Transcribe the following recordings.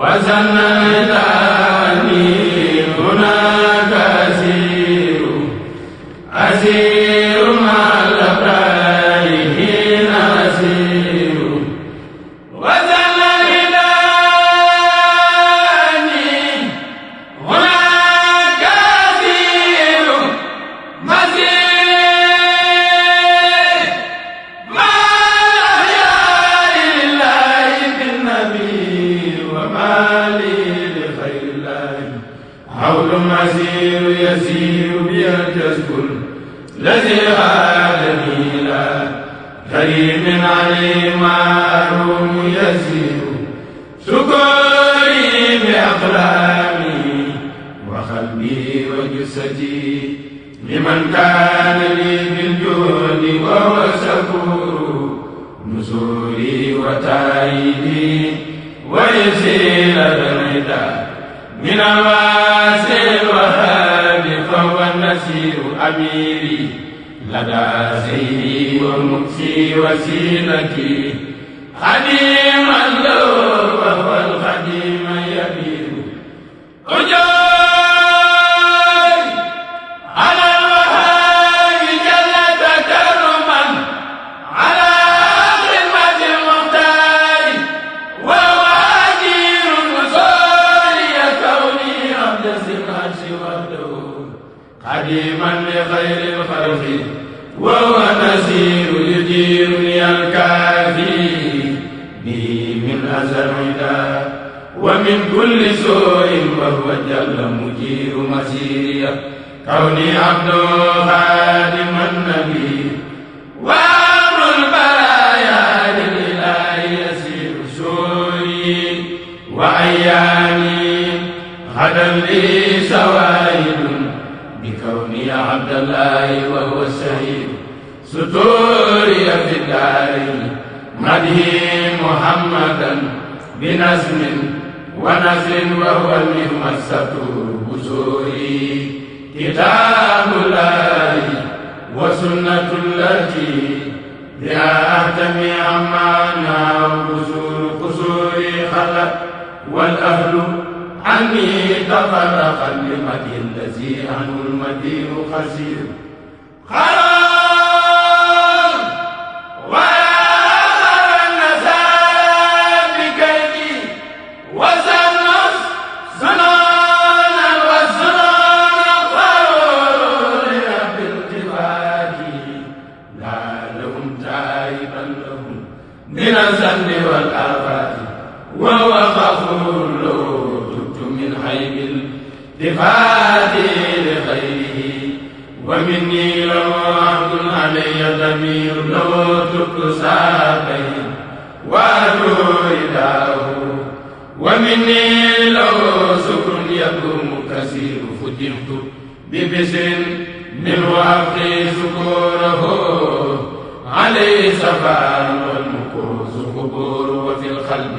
wa العالمين كريم عليم معلوم يزيد شكري بأقلامي وقلبي وجسدي لمن كان لي بالجود وهو شكور نزولي وتعيدي ويزيل الرداء من الواسع الوهاب فهو النسير أميري لدى سيدي ومكسي وسيلتي خديما له وهو الخديم يبيد أجاب خديما لخير الخلق وهو نسير يديرني الكافي به من أزل عدا ومن كل سوء وهو جل مجير مسيري كوني عبد خادم النبي الله وهو الشهيد ستوري في الدارين مدهي محمدا بنزم ونزل وهو المهمسة بسوري كتاب الله وسنة التي بها أهتمي أمانا وقصور قصور خلق والأهل عني تفرقا لمدين الذي عنه المدين خسير الغيب التفاتي لخيره ومني لو عبد علي ضمير لو تكسى بين وأدعو رداه ومني لو سكر يكون كثير فدمت ببسر منه أبقي شكوره عليه سفار والمكوس قبور وفي القلب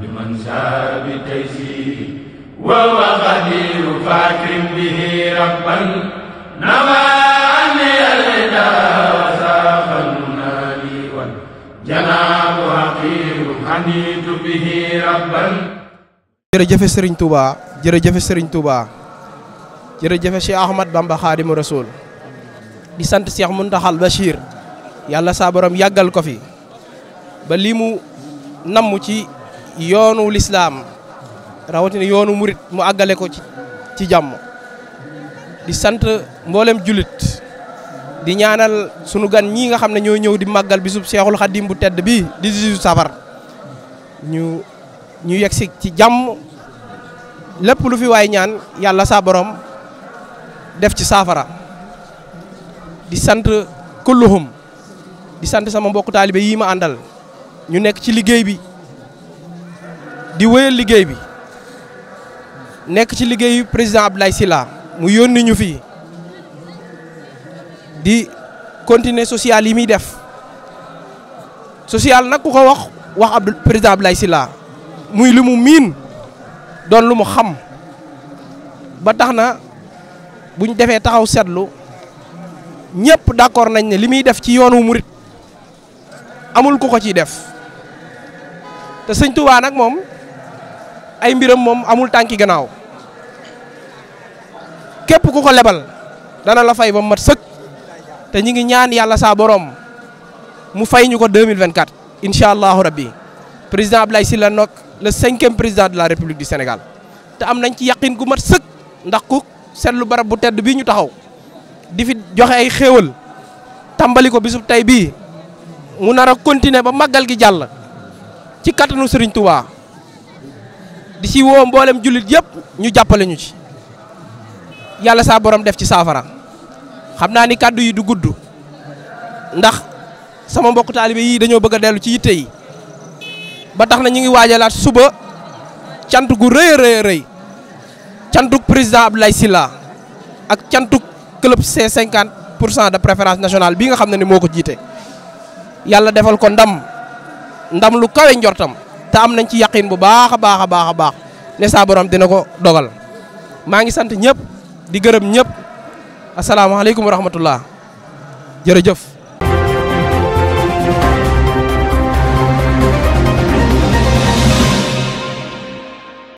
بمن شاء بتيسير وهو قدير فاكرم به ربا نوى عني الهدى وساق المنادي والجناب حقير حنيت به ربا jërëjëfe Serigne Touba jërëjëfe Serigne Touba jërëjëfe Cheikh Ahmad Bamba Xaadimu Rasuul di sant Cheikh Muntaxal Bachir yàlla saa yàggal ko fi ba lii mu ci yoonu lislaam rawatina yoonu murit mu àggale ko ci ci jàmm di sant mboolem julit di ñaanal sunu gan ñii nga xam ne ñoo ñëw di màggal bisub seexul xaddim bu tedd bi di di safar ñu ñu yegg si ci jàmm lépp lu fi waay ñaan yàlla saa def ci saafara di sant kulluhum di sant sama mbokku taalibe yii ma àndal ñu nekk ci liggéey bi di wéyal liggéey bi nekk ci liggéey président Abdoulaye Sylla mu yónni ñu fii di continuer social yi muy def social nag ku ko wax wax Abdou président Abdoulaye Sylla muy lu mu miin doon lu mu xam ba tax na buñ defee taxaw seetlu ñëpp d'accord nañ ne li muy def ci yoonu murit amul ku ko ciy def te sëñ Tuubaa nag moom. ay mbiram moom amul tànki gannaaw képp ku ko lebal dana la fay ba mu mat sëkk te ñu ngi ñaan yàlla saa borom mu fay ñu ko 2024 incha allahu rabbi président si la Nock le cinquième président de la république du Sénégal te am nañ ci yaqin gu mat sëkk ndax ku seetlu barab bu tedd bii ñu taxaw difi joxe ay xéewal tàmbali ko bisub tey bii mu nar a continuer ba màggal gi jàll ci kattanu Serigne Touba di ci woo mboolem jullit yëpp ñu jàppale ñu ci yàlla saa borom def ci saafara xam naa ni kàddu yi du gudd ndax sama mbokk taalibe yii dañoo bëgg a dellu ci yitte yi ba tax na ñu ngi waajalaat suba cant gu rëy rëy rëy cantuk président Abdoulaye Sylla ak cantuk club C50 pour cent de préférence nationale bi nga xam ne ni moo ko jiite yàlla defal ko ndam ndam lu kawe njortam te am nañ ci yaqin bu baax a baax a baax a baax ne saa dina ko dogal maa ngi sant ñëpp di gërëm ñëpp asalaamaaleykum wa rahmatullah jërëjëf.